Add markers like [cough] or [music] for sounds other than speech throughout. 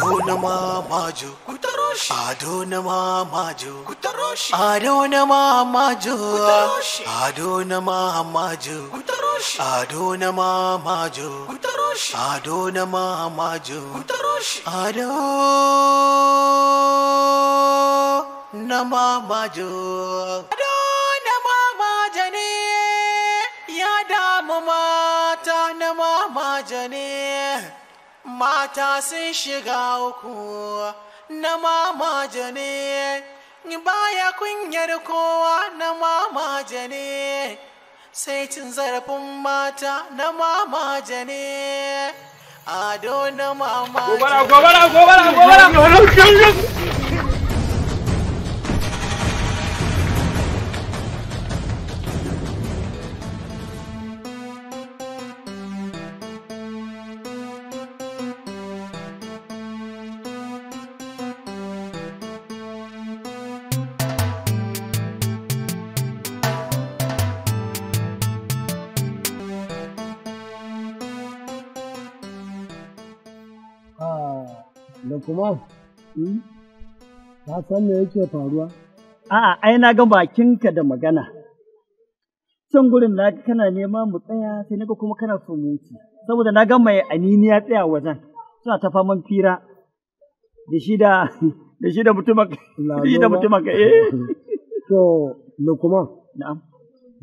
adonama maju kutarosh adonama maju kutarosh adonama maju kutarosh adonama maju kutarosh adonama maju kutarosh adonama maju kutarosh ado nama maju adonama majane ya damu mata nama majane mata sun shiga uku na mamaje ne baya kunyar kowa na mamaje ne sai cin zarafin mata na mamaje ne ado na mamaje jane. kuma hmm? ka san me yake faruwa a'a ai na ga bakinka da magana can gurin na kana nema mu tsaya sai naga kuma kana so mu ci saboda na ga mai aniniya tsaya wajen suna ta faman fira da shi da da shi da mutumin da ka eh [laughs] to kuma na'am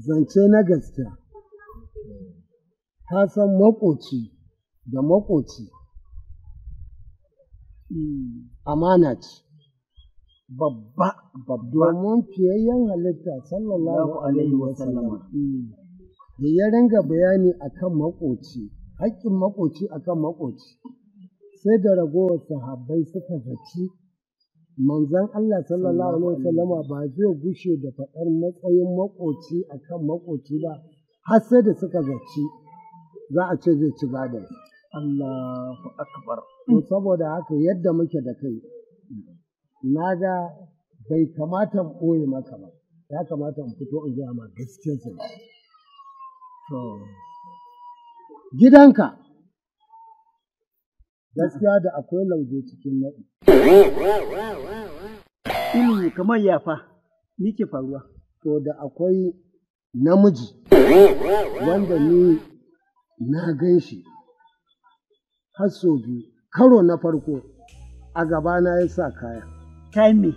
zance na gaskiya ka san makoci da makoci amana ce babba domin fiyayyen halitta sallallahu alaihi wa da ya ringa bayani akan makoci haƙƙin makoci akan makoci sai da ragowar sahabbai suka zaci manzan Allah sallallahu alaihi wa ba zai gushe da faɗar matsayin makoci akan makoci ba har sai da suka zaci za a ce zai ci gadon Allahu akbar saboda haka yadda muke da kai na ga bai kamata mu ɓoye maka ba ya kamata mu fito in gaya ma gaskiyar sa to gidanka gaskiya da akwai lauje cikin naɗi ilimi kamar yafa ni ke faruwa to da akwai namiji wanda ni na gan shi har sau biyu karo na farko a gabana ya sa kaya kayan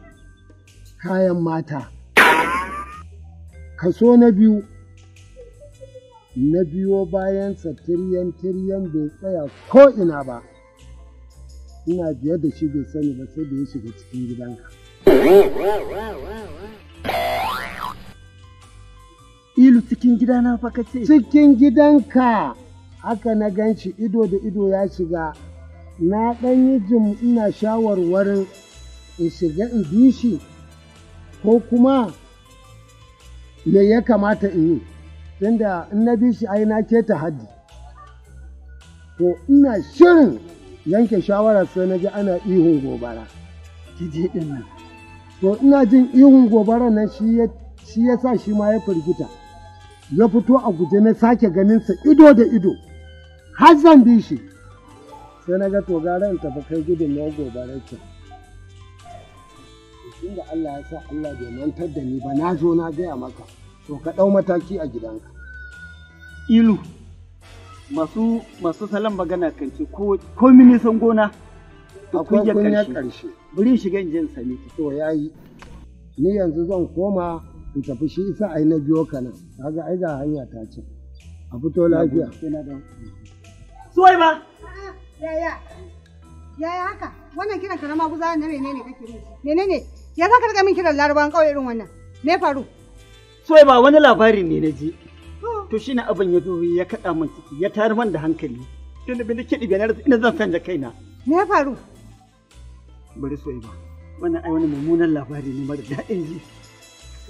kayan mata kaso na biyu na biyo bayansa tiryan tiryan bai tsaya ko ina ba ina biyar da shi bai sani ba sai da ya shiga cikin gidanka ilu cikin gidana fa kace cikin gidanka haka na gan shi ido da ido ya shiga na ɗan yi jim ina shawarwarin in shiga in bi ko kuma me ya kamata in yi tunda in na bi ai na keta haddi to ina shirin yanke shawara sai na ji ana ihun gobara kije din nan to ina jin ihun gobara nan shi ya sa shi ma ya firgita ya fito a guje na sake ganinsa ido da ido har zan bi shi sai na ga to gara in tafi kai gudun na gobara ke tun da Allah ya sa Allah bai mantar da ni ba na zo na gaya maka to ka ɗau mataki a gidanka ilu masu masu salon magana kan ce ko minisan gona a kunyar ƙarshe bari shiga in sami to yayi ni yanzu zan koma in tafi shi isa ai na biyo kana kaga ai ga hanya ta ce a fito lafiya Suwai ba. Ah, yaya. Yaya haka? Wannan kiran karama guza na menene kake ne. Menene? Ya za ka riga min kiran larabawan ƙauye irin wannan? Me faru? Suwai ba wani labari ne na ji. Oh. To shi na abin ya zo ya kaɗa min ciki ya tayar man da hankali. Tunda bin da kiɗi bai na ina zan sanya kaina. Me faru? Bari Suwai ba. Wannan ai wani mummunan labari ne mara daɗin ji.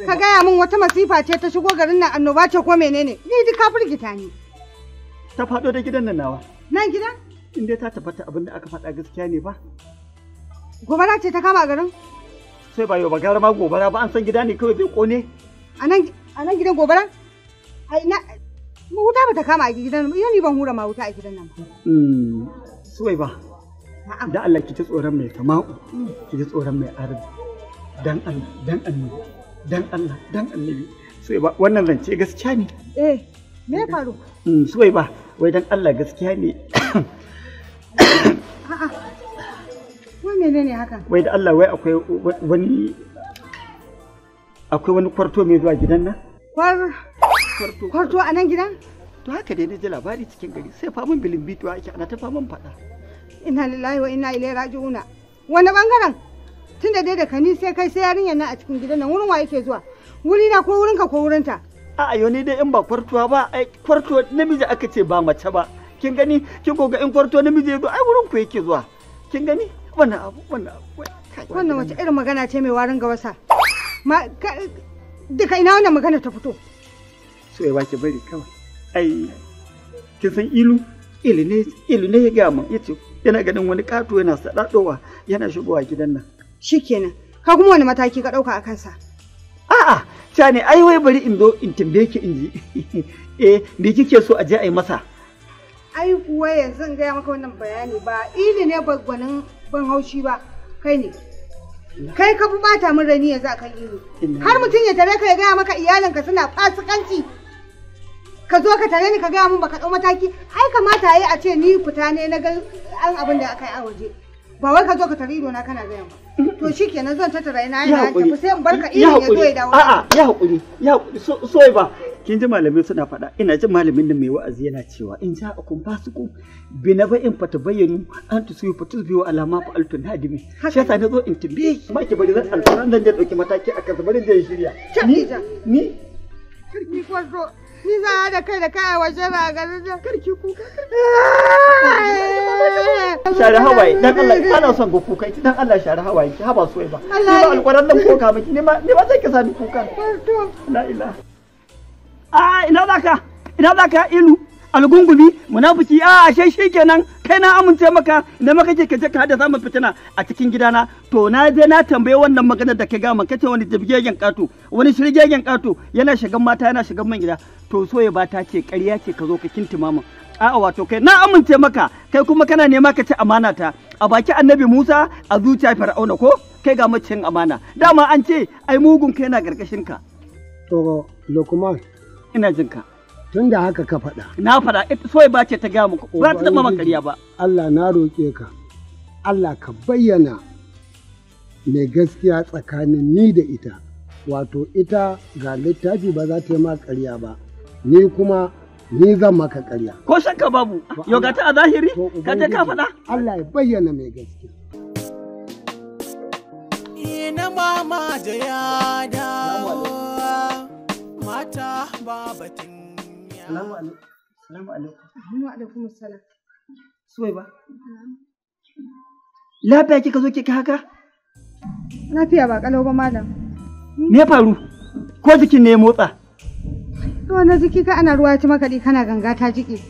Ka gaya min wata masifa ce ta shigo garin nan annoba ce ko menene? Ni duk ka firgita ni. ta faɗo da gidan nan nawa. Nan gidan? In dai ta tabbata abin da aka faɗa gaskiya ne ba. Gobara ce ta kama garin? Sai ba yau ba gara ma gobara ba an san gida ne kawai zai kone. A nan gidan gobara? A ina wuta ba ta kama a gidan nan yau ni ban hura ma wuta a gidan nan ba. Hmm, Suwai ba. Da Allah ki ji tsoron mai kama'u, hmm. ki ji tsoron mai arziki. Dan Allah, dan Allah, dan Allah, dan Allah. Suwai ba wannan zance gaskiya ne. Eh. me ya faru mm, suwai ba wai dan Allah gaskiya ne [coughs] a'a wai menene hakan wai da Allah wai akwai wani akwai wani kwarto mai zuwa gidan nan kwarto a nan gidan to haka dai na ji labari cikin gari sai famin bilin bituwa ake ana ta famin faɗa ina lillahi wa ina ilaihi raji'una wani bangaren tun da dai da kani sai kai sai yarinyar nan a cikin gidan nan wurin wa yake zuwa wuri na ko wurinka ko wurinta a yau ni dai in ba kwartuwa ba ai kwartuwa namiji aka ce ba mace ba kin gani kin koga in kwartuwa namiji ya zo ai wurin ku yake zuwa kin gani wannan abu wannan abu wannan wace irin magana ce mai warin gawasa ma duka ina wannan magana ta fito so ya baki bari kawai ai kin san ilu ilu ne ilu ne ya gama yace yana ganin wani kato yana sadadowa yana shigowa gidan nan shikenan ka kuma wani mataki ka dauka a kansa ta ne ai wai bari in zo in tambaye ki in ji [laughs] eh me kike so a je a yi masa ai kuwa yanzu in gaya maka wannan bayani ba ili ne ba gwanin ban haushi ba kai ne kai ka fi bata min rani yanzu akan ili har mutum ya tare ka ya gaya maka ka suna fasikanci ka zo ka tare ni ka gaya mun baka dau mataki ai kamata a yi a ce ni fita ne na ga an abin da aka yi a waje ba wai ka zo ka tari ido na kana gayan ba to shikenan zan tattara ina ina tafi sai in barka ido ya zo ya dawo a'a ya hakuri ya hakuri so ba kin ji malamin suna faɗa ina jin malamin da mai wa'azi yana cewa in ja akun fasiku bi na ba'in fata bayyanu an tu suyu fatu biyu alama fa altun hadimi shi yasa na zo in tambaye ki ba ki bari zan alfaran zan je dauki mataki a akan zubarin da ya shirya ni ni kirki ko zo Ni za a da kai da kai a wajen ragarin da karki kuka. Share hawaye dan Allah ana son ga kuka ki dan Allah share hawaye ki haba soyayya ba. Ni ba alƙwaran nan koka miki ni ma ni ba zai ki sani kuka. La ilaha. Ah ina zaka? Ina zaka ilu? Algungumi munafiki a ah, ashe shikenan kai na amince maka da maka ka je ka haddasa min fitina a cikin gidana to na je na tambaye wannan maganar da ka ga man kace wani jibgegen kato wani shirgegen kato yana shigan mata yana shigan man gida to soye ba ta ce ƙarya ce ka zo ka kintima min a'a wato kai na amince maka kai kuma kana nema ka ci amana ta a baki annabi Musa a zuciya Fir'auna ko kai ga macin amana dama an ce ai mugun kai na karkashin ka to ina jin Tun da haka ka faɗa. Na faɗa ita soyi ba ce ta gaya muku ba ta taɓa ƙarya ba. Allah na roƙe ka. Allah ka bayyana mai gaskiya tsakanin ni da ita. Wato ita ga littafi ba za ta yi ma ƙarya ba. Ni kuma ni zan maka ƙarya. Ko shakka babu, yogata a zahiri, ka je ka faɗa. Allah ya bayyana mai gaskiya. Ina mama da mata babatin. Salamu alaikum. alaikum. Salamu Suwai ba? Lafiya kika zo kika haka? Lafiya ba kalau ba malam. Me ya faru? Ko jikin ne ya motsa? To na jiki ka ana ruwa ta makaɗi kana ganga ta jiki.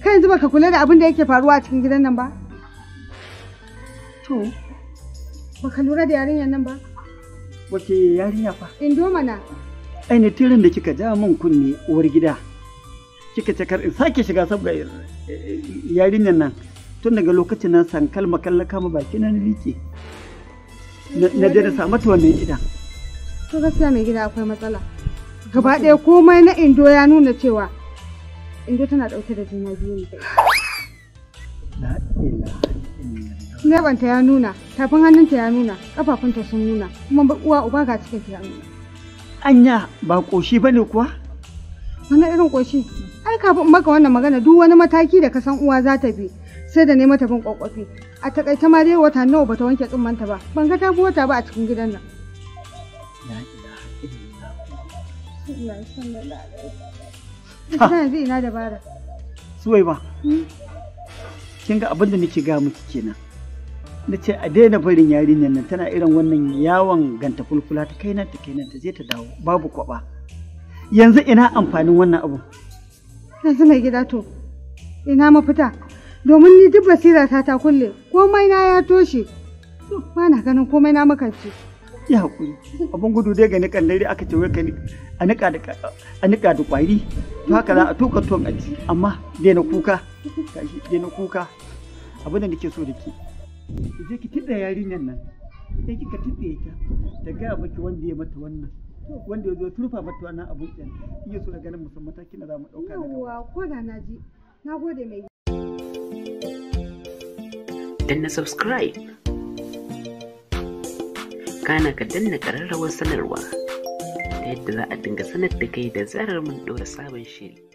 Kai yanzu baka kula da abin da yake faruwa a cikin gidan nan ba? To, baka lura da yarinyar nan ba? Wace yarinya fa? Indo Ai ne tirin da kika ja min kunne uwar gida. kika ce kar in sake shiga saboda eh, eh, yarinyar nan tun daga lokacin nan kalma kalla kama baki na rike na da sa mata wannan idan to gaskiya mai gida akwai matsala gaba ɗaya komai na indo ya nuna cewa indo tana ɗauke da juna biyu ne Nebanta ya nuna, tafin hannunta ya nuna, kafafunta sun nuna, kuma uwa uba ga cikin ya nuna. Anya ba ƙoshi ba ne kuwa? Wani irin ƙoshi? ai kafin maka wannan magana duk wani mataki da ka san uwa za ta bi sai da ne mata bin kwakwafi a takaita ma dai wata nawa bata wanke tsummanta ba ban ga ta bi wata ba a cikin gidan nan ina dabara suwai ba hmm? kin ga abin da nake ga miki kenan na ce a daina barin yarinyar nan tana irin wannan yawon ganta fulfula ta kai nan ta kai nan ta ta dawo babu kwaba yanzu ina amfanin wannan abu yanzu mai gida to ina mafita domin ni duk basira ta ta kulle komai na ya toshe ba na ganin komai na ce ya hakuri abin gudu dai ga nikan dai aka ce wai ka a nika da a nika da kwari to haka za a tuka tuwon aji amma dai na kuka dai na kuka abin da nake so da ke je ki tida yarinyan nan sai kika tide ta ta ga baki wanda ya mata wannan wanda ya zo turfa mata wannan abun ɗin iya so da ganin musamman mataki na za mu ɗauka na gaba. ko da na ji na gode mai. Danna subscribe kana ka danna ƙararrawar sanarwa ta yadda za a dinga sanar da kai da zarar mun ɗora sabon shiri.